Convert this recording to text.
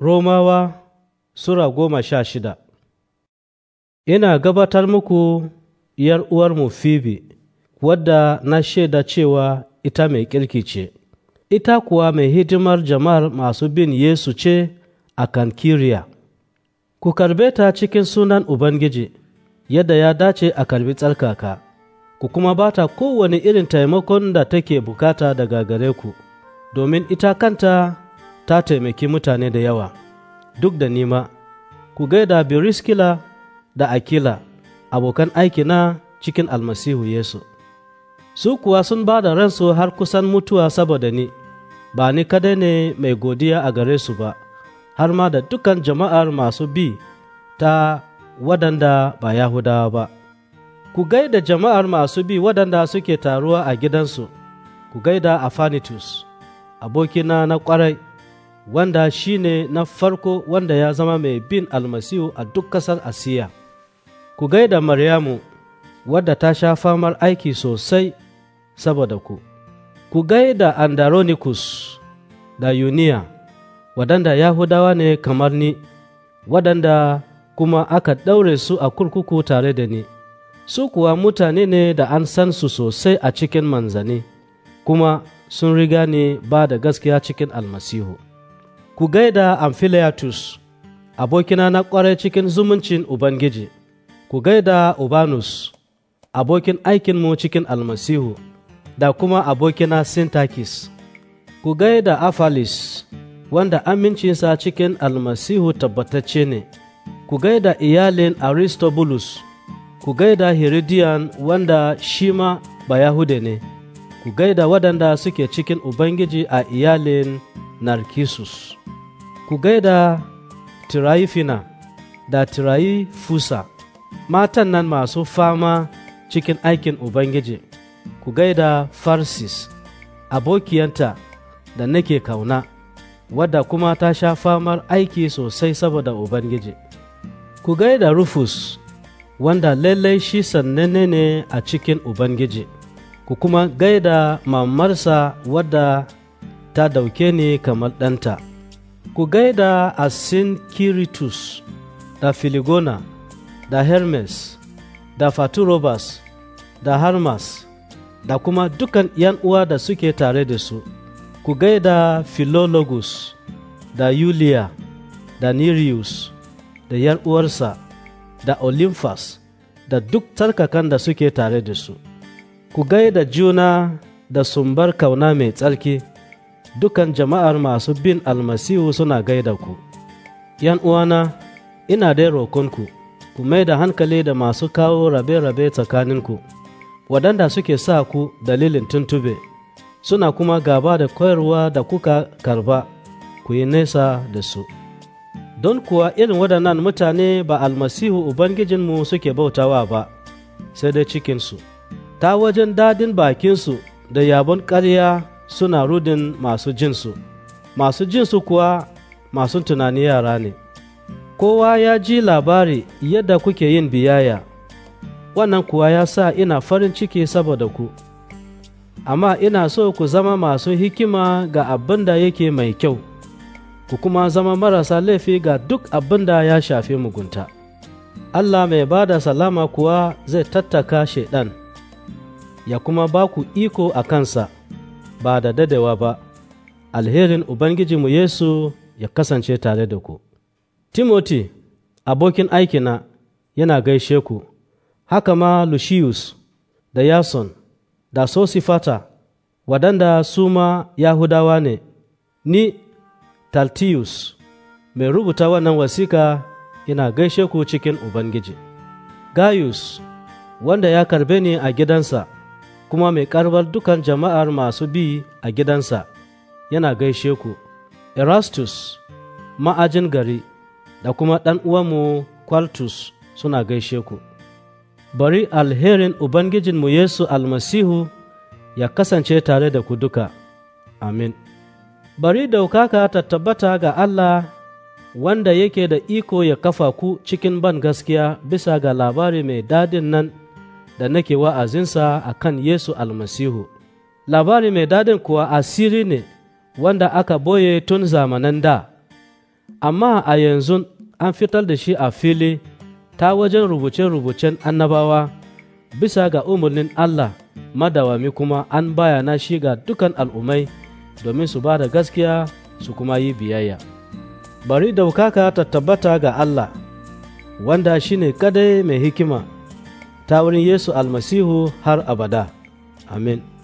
Romawa Sura goma sha shida Ina gabatar muku ‘yar uwarmu Fibi, wadda na shaida cewa ita mai kirki ce, ita kuwa mai hidimar jama'ar masu bin Yesu ce a kiriya. Ku karbe ta cikin sunan Ubangiji, yadda ya dace a karbi tsarkaka, ku kuma ba ta kowane irin taimakon da take bukata daga gare ku, domin ita kanta ta taimaki mutane da yawa, duk da nima, ku gaida Biriskila da Akila, abokan aikina cikin almasihu Yesu. Su kuwa sun ba da ransu har kusan mutuwa saboda ni, ba ni kadai ne mai godiya a gare su ba, har ma da dukan jama'ar masu bi ta waɗanda ba Yahudawa ba. Ku gaida jama'ar masu bi waɗanda suke taruwa a gidansu, ku gaida Afanitus, abokina na kwarai. wanda shi ne na farko wanda ya zama mai bin almasihu a duk ƙasar asiya ku gaida maryamu wadda ta sha famar aiki sosai saboda ku ku gaida andaronicus da yuniya waɗanda yahudawa ne kamar ni waɗanda kuma aka ɗaure su a kurkuku tare da ni su kuwa mutane ne da an san su sosai a cikin manzani kuma sun riga ni ba da gaskiya cikin almasihu ku gaida Amphiliatus, abokina na kwarai cikin zumuncin Ubangiji, ku gaida Ubanus, abokin aikinmu cikin almasihu, da kuma abokina Sintakis, ku gaida Afalis, wanda amincinsa cikin almasihu tabbatacce ne, ku gaida iyalin Aristobulus, ku gaida Heridian wanda shi ma Yahude ne, ku gaida waɗanda suke cikin Ubangiji a iyalin narkisus ku gaida tirayifina da tirayifusa matan nan masu fama cikin aikin ubangiji ku gaida farsis abokiyanta da nake kauna wadda kuma ta sha famar aiki sosai saboda ubangiji ku gaida rufus wanda lallai shi sannene ne a cikin ubangiji ku kuma gaida mamarsa wadda ta dauke ni kamar ɗanta. Ku gaida a Sinkiritus da Filigona da Hermes da Faturobas da Harmas da kuma dukan ‘yan uwa da suke tare da su. Ku gaida Philologus da yulia da Nereus da ‘yan uwarsa da Olympus da duk tarkakan da suke tare da su. Ku gaida juna da sumbar kauna mai tsarki. dukan jama'ar masu bin almasihu suna gaida ku. ‘Yan uwana, ina dai rokonku, ku mai da hankali da masu kawo rabe-rabe tsakaninku, waɗanda suke sa ku dalilin tuntube, suna kuma gaba da koyarwa da kuka karba, ku yi nesa da su. Don kuwa irin waɗannan mutane ba almasihu Ubangijinmu suke bautawa ba, sai dai cikinsu, ta wajen dadin bakinsu da yabon ƙarya suna rudin masu jinsu masu jinsu kuwa masu tunani yara ne kowa ya ji labari yadda kuke yin biyaya. wannan kuwa ya sa ina farin ciki saboda ku amma ina so ku zama masu hikima ga abin da yake mai kyau ku kuma zama marasa laifi ga duk abin da ya shafi mugunta allah mai ba da salama kuwa zai tattaka shaidan ya kuma ba ku iko a kansa ba da dadewa ba, alherin Ubangijinmu Yesu ya kasance tare da ku. Timoti, abokin aikina, yana gaishe ku, haka ma Lucius da Yason da Sosifata, waɗanda su ma Yahudawa ne, ni Taltius, mai rubuta wannan wasika ina gaishe ku cikin Ubangiji. Gaius, wanda ya karbe ni a gidansa, kuma mai karbar dukan jama'ar masu bi a gidansa yana gaishe ku erastus ma'ajin gari da kuma ɗan uwanmu kwaltus suna gaishe ku bari alherin ubangijinmu yesu almasihu ya kasance tare da ku duka amin bari daukaka ta tabbata ga allah wanda yake da iko ya kafa ku cikin ban gaskiya bisa ga labari mai dadin nan da nake wa'azinsa a kan Yesu almasihu. Labari mai dadin kuwa asiri ne wanda aka boye tun zamanan da, amma a yanzu an fitar da shi a fili ta wajen rubuce-rubucen annabawa bisa ga umarnin Allah madawami kuma an bayana shi ga dukan al'ummai domin su ba da gaskiya su kuma yi biyayya. Bari daukaka ta tabbata ga Allah, wanda shi ne kadai mai hikima. ta wurin Yesu almasihu har abada. Amin.